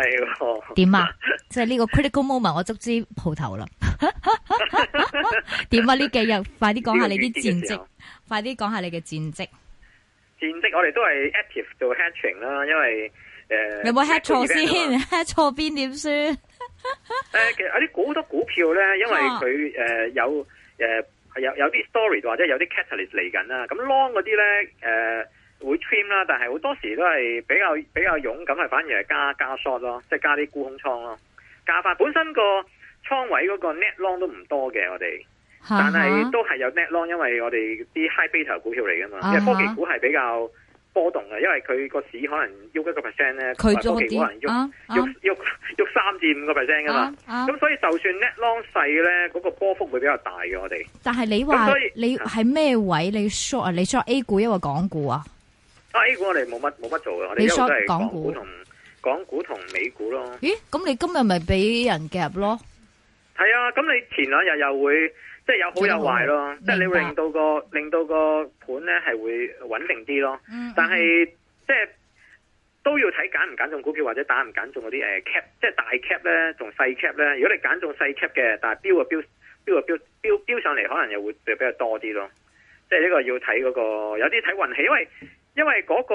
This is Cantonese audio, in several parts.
係點、哎、啊？ 即係呢個 critical moment，我足支鋪頭啦。點 啊？呢幾日快啲講下你啲戰績，快啲講下你嘅戰績。說說戰績，我哋都係 active 做 hatching 啦，因為誒、呃、有冇 hate 錯先？hate 錯邊點算？誒、er 呃，其實有啲好多股票咧，因為佢誒、呃、有誒、呃、有有啲 story 或者有啲 catalyst 嚟緊啦。咁 long 嗰啲咧誒。呃會 trim 啦，但係好多時都係比較比較勇敢，係反而係加加 short 咯，即係加啲沽空倉咯。加翻本身個倉位個 net long 都唔多嘅，我哋，啊、但係都係有 net long，因為我哋啲 high beta 股票嚟噶嘛，即科技股係比較波動嘅，因為佢個市可能喐一個 percent 咧，佢科技股可能喐喐喐喐三至五個 percent 噶嘛。咁所以就算 net long 細咧，嗰、嗰個波幅會比較大嘅，我哋。但係你話，你係咩位？你 short 你 short A 股一個港股啊？A 股我哋冇乜冇乜做嘅，我哋都係港股同港股同美股咯。咦？咁你今日咪俾人夾咯？係啊！咁你前兩日又會即係有好有壞咯，會即係你會令到個令到個盤咧係會穩定啲咯。嗯嗯、但係即係都要睇揀唔揀中股票或者打唔揀中嗰啲誒 cap，即係大 cap 咧同細 cap 咧。如果你揀中細 cap 嘅，但係飆啊飆，飆啊飆，飆飆上嚟，可能又會比較多啲咯。即係呢個要睇嗰、嗰個有啲睇運氣，因為。因為嗰、那個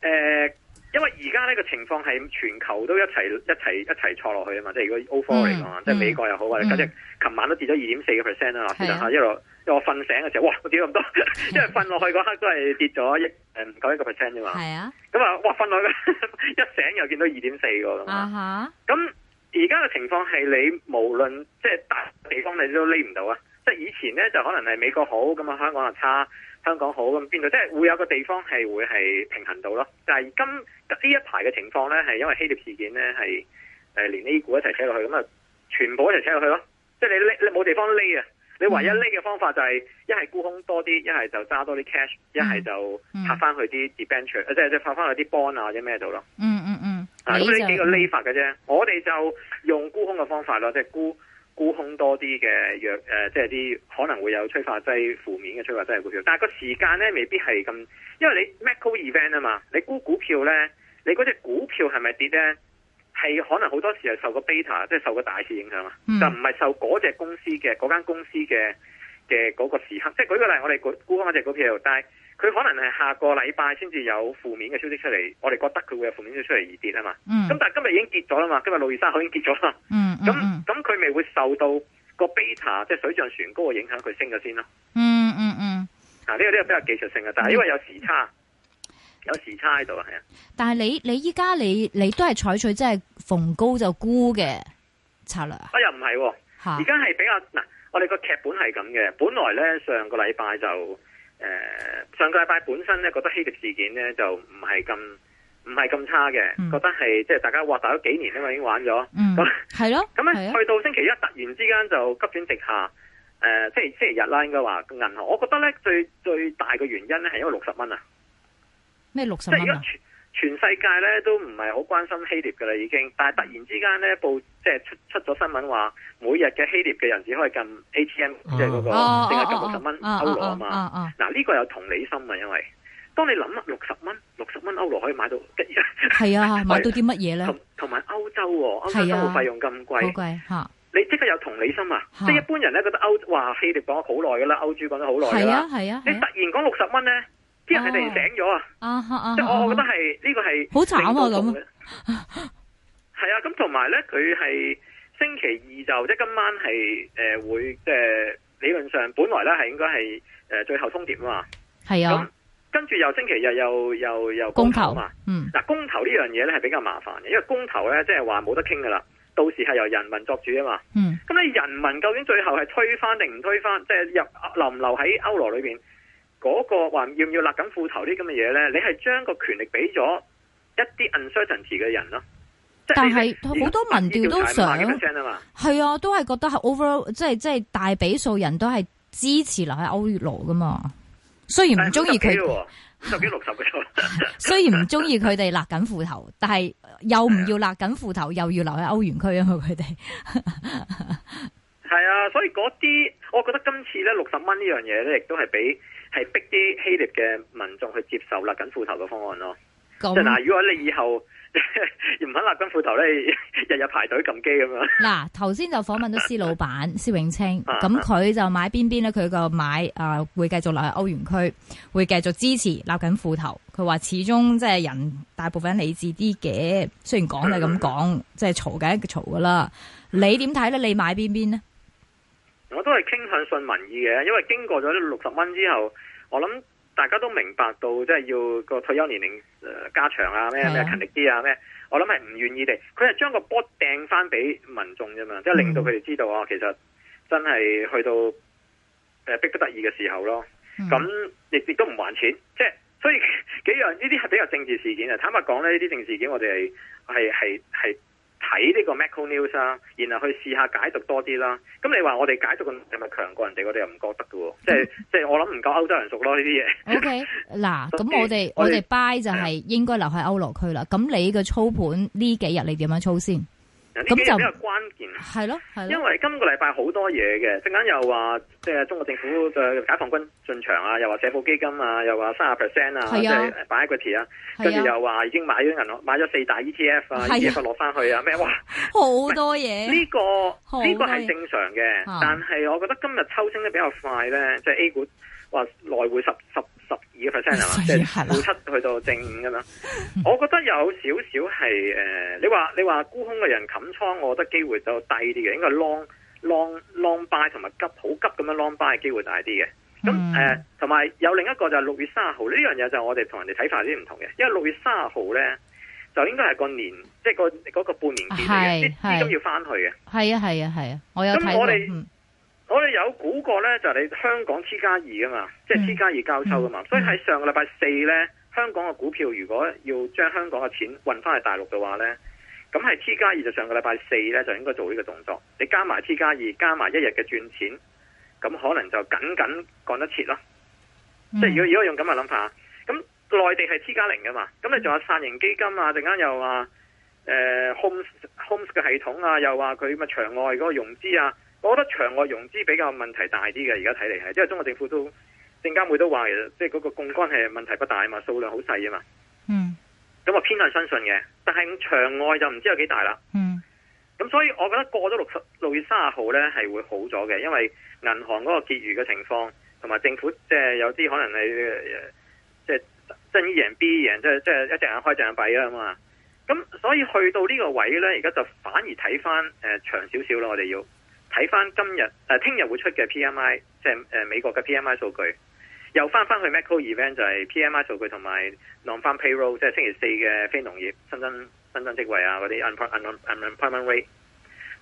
誒、呃，因為而家呢個情況係全球都一齊一齊一齊錯落去啊嘛，即係如果歐方嚟講，即係美國又好或者今日琴晚都跌咗二點四個 percent 啦，先生吓，一路因為我瞓醒嘅時候，哇，我跌咗咁多，嗯、因為瞓落去嗰刻都係跌咗一誒九一個 percent 啫嘛，係啊，咁啊、嗯嗯，哇，瞓落去嘅時候 一醒又見到二點四個咁吓，咁而家嘅情況係你無論即係大地方你都匿唔到啊，即係以前咧就可能係美國好，咁啊香港啊差。香港好咁邊度，即係會有個地方係會係平衡到咯。但係今呢一排嘅情況咧，係因為希臘事件咧係誒連 A 股一齊扯落去，咁啊全部一齊扯落去咯。即係你匿你冇地方匿啊！你唯一匿嘅方法就係一係沽空多啲，一係就揸多啲 cash，一係就拍翻去啲 debenture、嗯、即係即係拍翻去啲 bond 啊或者咩度咯。嗯嗯嗯。嗱，咁呢幾個匿法嘅啫，我哋就用沽空嘅方法咯，即係沽。沽空多啲嘅若誒，即係啲可能會有催化劑，負面嘅催化劑嘅股票，但係個時間咧未必係咁，因為你 Macro event 啊嘛，你沽股票咧，你嗰隻股票係咪跌咧？係可能好多時候係受個 beta，即係受個大市影響啊，嗯、就唔係受嗰隻公司嘅嗰間公司嘅嘅嗰個時刻。即係舉個例，我哋沽空嗰隻股票但係。佢可能係下個禮拜先至有負面嘅消息出嚟，我哋覺得佢會有負面消息出嚟而跌啊嘛。咁、嗯、但係今日已經結咗啦嘛，今日六二三已經結咗啦。咁咁佢咪會受到個 beta 即係水漲船高嘅影響，佢升咗先咯。嗯嗯嗯，呢、啊這個呢、這個比較技術性嘅，但係因為有時差，嗯、有時差喺度係啊。但係你你依家你你都係採取即係逢高就沽嘅策略、哎、不啊？啊又唔係，而家係比較嗱、啊，我哋個劇本係咁嘅，本來咧上個禮拜就。誒、呃，上個禮拜本身咧覺得希特事件咧就唔係咁唔係咁差嘅，嗯、覺得係即係大家話打咗幾年啊嘛，已經玩咗，咁係咯，咁咧去到星期一突然之間就急轉直下，誒、呃，星期星期日啦，應該話銀行，我覺得咧最最大嘅原因咧係因為六十蚊啊，咩六十蚊啊？全世界咧都唔係好關心希臘嘅啦，已經，但係突然之間咧報即係出出咗新聞話，每日嘅希臘嘅人只可以撳 ATM，即係嗰個，即係撳六十蚊歐羅啊嘛。嗱呢、啊啊啊啊這個有同理心啊，因為當你諗啊六十蚊，六十蚊歐羅可以買到一樣，係啊， 買到啲乜嘢咧？同埋歐洲喎、啊，歐洲生活費用咁貴，嚇、啊、你即刻有同理心啊！哈即係一般人咧覺得歐話希臘講咗好耐嘅啦，歐豬講咗好耐嘅啦，係啊，啊，啊你突然講六十蚊咧？啲人係突然醒咗啊！即係我，我覺得係呢個係好慘啊咁。係啊，咁同埋咧，佢、啊、係、啊啊啊 啊、星期二就即係今晚係誒會即係、呃、理論上本來咧係應該係誒最後通牒啊嘛。係啊。咁跟住又星期日又又又，又投公投啊嘛。嗯。嗱，公投呢樣嘢咧係比較麻煩嘅，因為公投咧即係話冇得傾噶啦，到時係由人民作主啊嘛。嗯。咁你人民究竟最後係推翻定唔推翻？即、就、係、是、入留唔留喺歐羅裏邊？嗰個話要唔要勒緊褲頭啲咁嘅嘢咧？你係將個權力俾咗一啲 uncertainty 嘅人咯。但係好多民調都想係啊，都係覺得係 overall 即係即係大比數人都係支持留喺歐元區噶嘛。雖然唔中意佢，十幾六十嘅，雖然唔中意佢哋勒緊褲頭，但係又唔要勒緊褲頭， 又要留喺歐元區啊嘛，佢哋。係 啊，所以嗰啲，我覺得今次咧六十蚊呢樣嘢咧，亦都係俾。係逼啲希臘嘅民眾去接受勒緊褲頭嘅方案咯。咁嗱那，如果你以後唔肯勒緊褲頭咧，日日排隊撳機咁樣。嗱、啊，頭先就訪問咗施老闆施 永青，咁佢 就買邊邊咧？佢個買啊、呃，會繼續留喺歐元區，會繼續支持勒緊褲頭。佢話始終即係人大部分理智啲嘅，雖然講係咁講， 即係嘈梗係嘈噶啦。你點睇咧？你買邊邊呢？我都係傾向信民意嘅，因為經過咗六十蚊之後。我諗大家都明白到，即係要個退休年齡加長啊，咩咩勤力啲啊，咩我諗係唔願意地，佢係將個波掟翻俾民眾啫嘛，即係令到佢哋知道啊、嗯哦，其實真係去到誒逼不得已嘅時候咯。咁亦亦都唔還錢，即係所以幾樣呢啲係比較政治事件啊。坦白講咧，呢啲政治事件我哋係係係係。睇呢個 Macro News 啦、啊，然後去試下解讀多啲啦。咁、嗯、你話我哋解讀係咪強過人哋？我哋又唔覺得嘅喎。即係 即係我諗唔夠歐洲人熟咯呢啲嘢。O K 嗱，咁我哋我哋 Buy 就係應該留喺歐羅區啦。咁你嘅操盤呢幾日你點樣操先？呢咁就係咯，是是因為今個禮拜好多嘢嘅，陣間又話即係中國政府嘅解放軍進場說說啊，又話社保基金啊，又話卅 percent 啊，即係擺一個帖啊，跟住的又話已經買咗銀行買咗四大 ETF 啊的，二月份落翻去啊，咩哇好多嘢，呢、這個呢、這個係正常嘅，但係我覺得今日抽升得比較快咧，即、就、係、是、A 股。話來回十十十二個 percent 係嘛？即係負七去到正五咁樣。我覺得有少少係誒，你話你話沽空嘅人冚倉，我覺得機會就低啲嘅。應該 long long long buy 同埋急好急咁樣 long buy 嘅機會大啲嘅。咁誒，同埋、嗯呃、有，有另一個就係六月三十號呢樣嘢就係我哋同人哋睇法有啲唔同嘅，因為六月三十號咧就應該係個年，即、就、係、是、個、那個半年結嘅，啲資金要翻去嘅。係啊係啊係啊，我有睇到。我哋有估過呢，就係、你香港 T 加二啊嘛，即、就、係、係、T 加二交收㗎嘛，嗯嗯、所以喺上個禮拜四呢，香港嘅股票如果要將香港嘅錢運翻去大陸嘅話呢，咁係 T 加二就上個禮拜四呢，就應該做呢個動作。你加埋 T 2, 加二，加埋一日嘅轉錢，咁可能就僅僅趕得切咯。嗯、即係如果如果用咁嘅諗法，咁內地係 T 加零噶嘛，咁你仲有散型基金啊，陣間又話誒、呃、homes homes 嘅系統啊，又話佢咪場外嗰個融資啊。我覺得場外融資比較問題大啲嘅，而家睇嚟係，因、就、為、是、中國政府都證監會都話，其實即係嗰個槓桿係問題不大啊嘛，數量好細啊嘛。嗯。咁我，偏向相信嘅，但係場外就唔知有幾大啦。嗯。咁所以我覺得過咗六十六月三十號咧，係會好咗嘅，因為銀行嗰個結餘嘅情況，同埋政府即係、呃、有啲可能係即係真贏贏，即係即係一隻眼開一隻眼閉啊嘛。咁、嗯、所以去到呢個位咧，而家就反而睇翻誒長少少咯，我哋要。睇翻今日誒，聽日會出嘅 P M I，即係誒美國嘅 P M I 數據，又翻翻去 Macro Event 就係 P M I 數據同埋 Non Farm Payroll，即係星期四嘅非農業新增新增職位啊嗰啲 Unemployment Rate。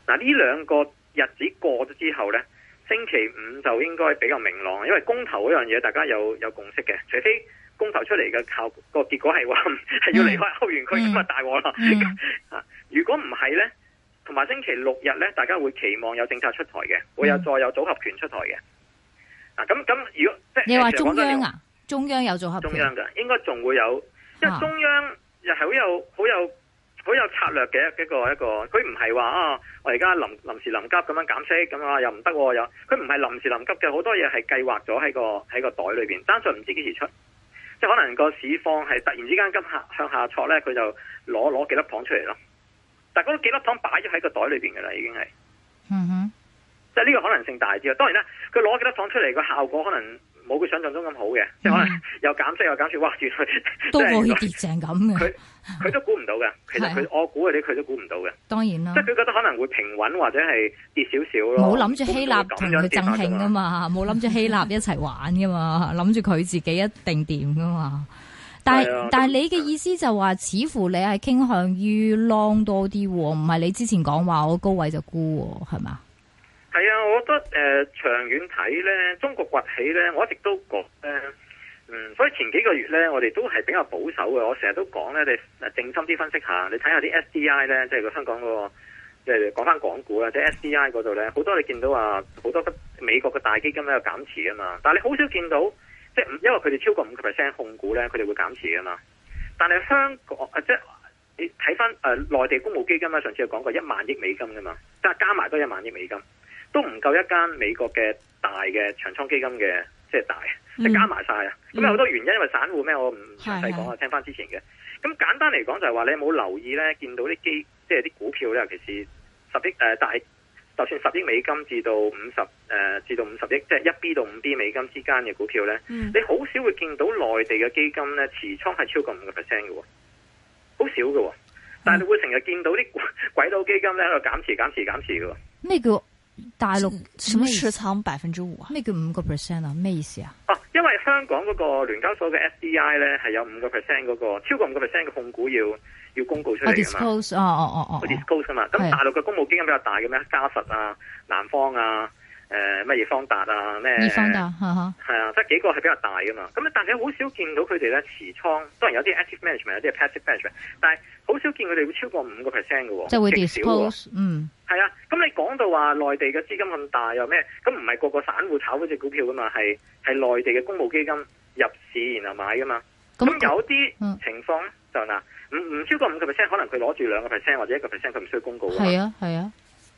嗱呢兩個日子過咗之後咧，星期五就應該比較明朗，因為公投嗰樣嘢大家有有共識嘅，除非公投出嚟嘅效果、嗰個結果係話係要離開歐元區咁啊大鑊啦！啊，mm, mm, mm. 如果唔係咧？同埋星期六日咧，大家會期望有政策出台嘅，會有再有組合拳出台嘅。咁咁、嗯啊、如果即係你話中央啊，中央有組合拳中央嘅，應該仲會有，因為中央又係好有好有好有策略嘅一個一個，佢唔係話啊我而家臨臨時臨急咁樣減息咁啊又唔得又，佢唔係臨時臨急嘅，好多嘢係計劃咗喺個喺個袋裏邊，單純唔知幾時出，即係可能個市況係突然之間急向下挫咧，佢就攞攞幾粒糖出嚟咯。但嗰幾粒糖擺咗喺個袋裏邊嘅啦，已經係，嗯哼，即係呢個可能性大啲咯。當然啦，佢攞幾粒糖出嚟，個效果可能冇佢想象中咁好嘅，嗯、即可能又減息又減息，哇！原來都冇跌成咁嘅，佢佢 都估唔到嘅。其實佢、啊、我估嗰啲佢都估唔到嘅。當然啦，即係佢覺得可能會平穩或者係跌少少咯。冇諗住希臘同佢爭興啊嘛，冇諗住希臘一齊玩嘅嘛，諗住佢自己一定掂嘅嘛。但係、啊、但你嘅意思就話，似乎你係傾向於 long 多啲，唔係你之前講話我高位就沽係嘛？係啊，我覺得誒、呃、長遠睇呢，中國崛起呢，我一直都覺得嗯，所以前幾個月呢，我哋都係比較保守嘅。我成日都講呢，你靜心啲分析下，你睇下啲 SDI 呢，即係個香港嗰個，即係講翻港股啦，即係 SDI 嗰度呢，好多你見到啊，好多美國嘅大基金咧有減持啊嘛，但係你好少見到。即係因為佢哋超過五個 percent 控股咧，佢哋會減持噶嘛。但係香港誒、啊，即係你睇翻誒內地公募基金咧，上次有講過一萬億美金噶嘛，即係加埋都一萬億美金，都唔夠一間美國嘅大嘅長倉基金嘅即係大，即加埋晒啊。咁、嗯、有好多原因，嗯、因為散戶咩，我唔詳細講啊，的聽翻之前嘅。咁簡單嚟講就係話，你有冇留意咧，見到啲基即係啲股票咧，尤其是十億誒大。就算十億美金至到五十誒，至到五十億，即係一 B 到五 B 美金之間嘅股票呢，嗯、你好少會見到內地嘅基金呢，持倉係超過五個 percent 嘅，好少嘅、哦，但係你會成日見到啲鬼佬基金呢，喺度減持、減持、減持嘅。咩叫？大陸什麼持倉百分之五啊？咩叫五個 percent 啊？咩意思啊？哦、啊，因為香港嗰個聯交所嘅 F D I 咧，係有五個 percent 嗰個超過五個 percent 嘅控股要要公告出嚟噶嘛？哦哦哦哦 disclose 啊、oh, oh, oh, oh, oh. 嘛。咁大陸嘅公募基金比較大嘅咩？嘉實是啊、南方啊、誒乜嘢方達啊咩？方達係啊，得係、uh huh. 啊、幾個係比較大噶嘛。咁但係好少見到佢哋咧持倉。當然有啲 active management，有啲 passive management，但係好少見佢哋會超過五個 percent 嘅。即係、哦、會少 i 嗯。係啊，咁你講到話內地嘅資金咁大又咩？咁唔係個個散戶炒嗰隻股票噶嘛，係係內地嘅公募基金入市然後買噶嘛。咁那、嗯、有啲情況就嗱，唔唔超過五個 percent，可能佢攞住兩個 percent 或者一個 percent，佢唔需要公告啊。係啊，係啊。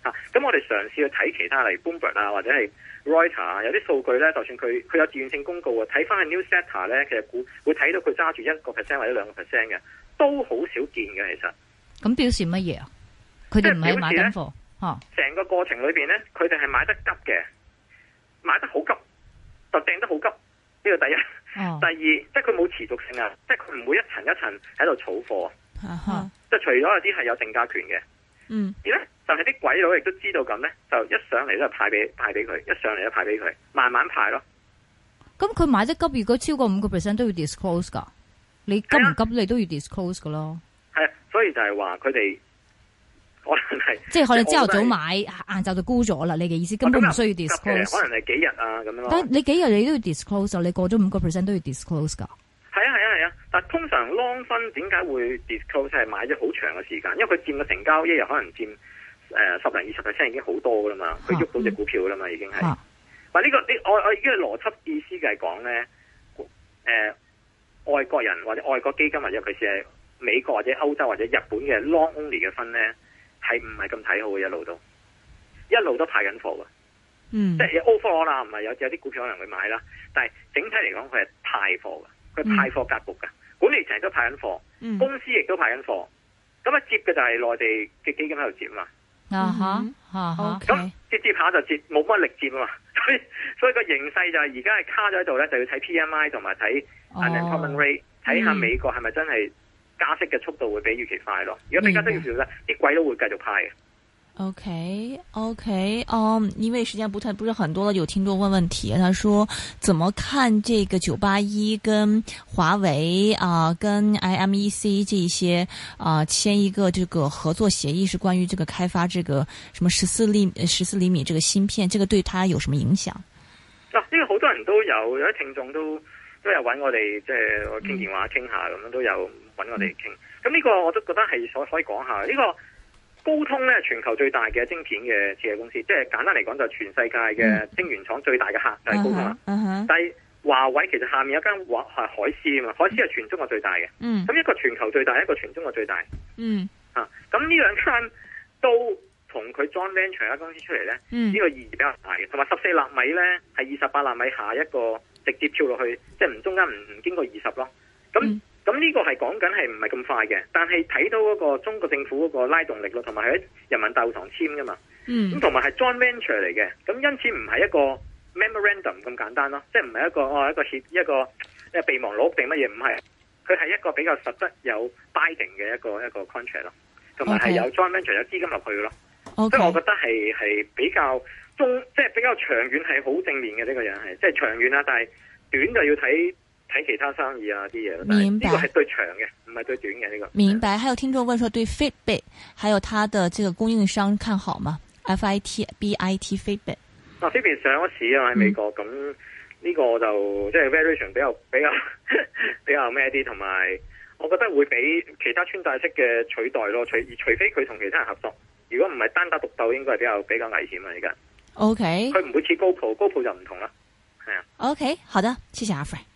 吓，咁我哋嘗試去睇其他，例如 Bloomberg 啊，或者係 Reuters 啊，有啲數據咧，就算佢佢有自願性公告啊，睇翻係 newsletter 咧，其實股會睇到佢揸住一個 percent 或者兩個 percent 嘅，都好少見嘅，其實。咁表示乜嘢啊？佢哋唔係買緊貨，成個過程裏邊咧，佢哋係買得急嘅，買得好急就掟得好急。呢個第一，啊、第二，即係佢冇持續性啊，即係佢唔會一層一層喺度儲貨。即係除咗有啲係有定價權嘅，嗯，而咧就係啲鬼佬亦都知道咁咧，就一上嚟都係派俾派俾佢，一上嚟都派俾佢，慢慢派咯。咁佢買得急，如果超過五個 percent 都要 disclose 噶你急唔急，啊、你都要 disclose 噶咯。係啊，所以就係話佢哋。可能係，即係可能朝頭早買，晏晝就沽咗啦。你嘅意思根本唔需要 disclose。可能係幾日啊，咁樣。但你幾日你都要 disclose 你過咗五個 percent 都要 disclose 噶。係啊係啊係啊，但通常 long 分，點解會 disclose？係買咗好長嘅時間，因為佢佔嘅成交一日可能佔誒十零二十 percent 已經好多噶啦嘛，佢喐到隻股票噶啦嘛，已經係。嗱呢、啊嗯啊這個呢我我呢個邏輯意思就係講咧，誒、呃、外國人或者外國基金或者尤其是係美國或者歐洲或者日本嘅 long only 嘅分咧。係唔係咁睇好嘅一路都，一路都派緊貨嘅，嗯、即係 overall 啦，唔係有有啲股票可能會買啦，但係整體嚟講佢係派貨嘅，佢派貨格局噶，管理成日都派緊貨，公司亦都派緊貨，咁啊、嗯、接嘅就係內地嘅基金喺度接啊嘛，啊咁、嗯嗯、接接下就接冇乜力接啊嘛，所以所以個形勢就係而家係卡咗喺度咧，就要睇 PMI 同埋睇 unemployment rate，睇下美國係咪真係。嗯加息嘅速度會比預期快咯。如果你加息要少咧，啲、嗯、鬼都會繼續派嘅。OK OK，嗯、um, 因為時間不太不是很多啦，有聽眾問問題，他說：怎麼看這個九八一跟華為啊、呃，跟 IMEC 這些啊、呃、簽一個這個合作協議，是關於這個開發這個什麼十四厘十四厘米這個芯片，這個對他有什麼影響？嗱、啊，呢個好多人都有，有啲聽眾都都有揾我哋，即係我傾電話傾下咁樣、嗯、都有。搵我哋傾，咁呢個我都覺得係可可以講下。呢、呢個高通呢，全球最大嘅晶片嘅設計公司，即係簡單嚟講就全世界嘅晶圓廠最大嘅客就係高通啦。嗯、但係華為其實下面有間話係海思啊嘛，海思係全中國最大嘅。咁、嗯、一個全球最大，一個全中國最大。嗯，咁呢、啊、兩間都同佢 joint venture 公司出嚟呢，呢、嗯、個意義比較大嘅。同埋十四納米呢，係二十八納米下一個直接跳落去，即係唔中間唔唔經過二十咯。咁咁呢個係講緊係唔係咁快嘅，但係睇到嗰個中國政府嗰個拉動力咯，同埋喺人民大會堂簽㗎嘛，嗯，咁同埋係 joint venture 嚟嘅，咁因此唔係一個 memorandum 咁簡單咯，即係唔係一個哦一個協一個備忘錄定乜嘢，唔係，佢係一個比較實質有 binding 嘅一個一個 contract 咯，同埋係有 joint venture 有資金落去咯，即係我覺得係係比較中即係比較長遠係好正面嘅呢個樣係，即係長遠啦，但係短就要睇。睇其他生意啊啲嘢，但明白，係最長嘅，唔係最短嘅呢、這個。明白，還有聽眾問說對 Fitbit 還有它的這個供應商看好嗎？F I T B I T Fitbit，啊 Fitbit 上咗市啊喺、嗯、美國，咁呢個就即係、就是、variation 比較比較呵呵比較咩啲，同埋我覺得會比其他穿戴式嘅取代咯，除除非佢同其他人合作，如果唔係單打獨鬥，應該係比較比較危險啊而家。OK，佢唔會似 GoPro，GoPro 就唔同啦，係啊。Okay，啊啊 OK，好的，謝謝阿 Fred。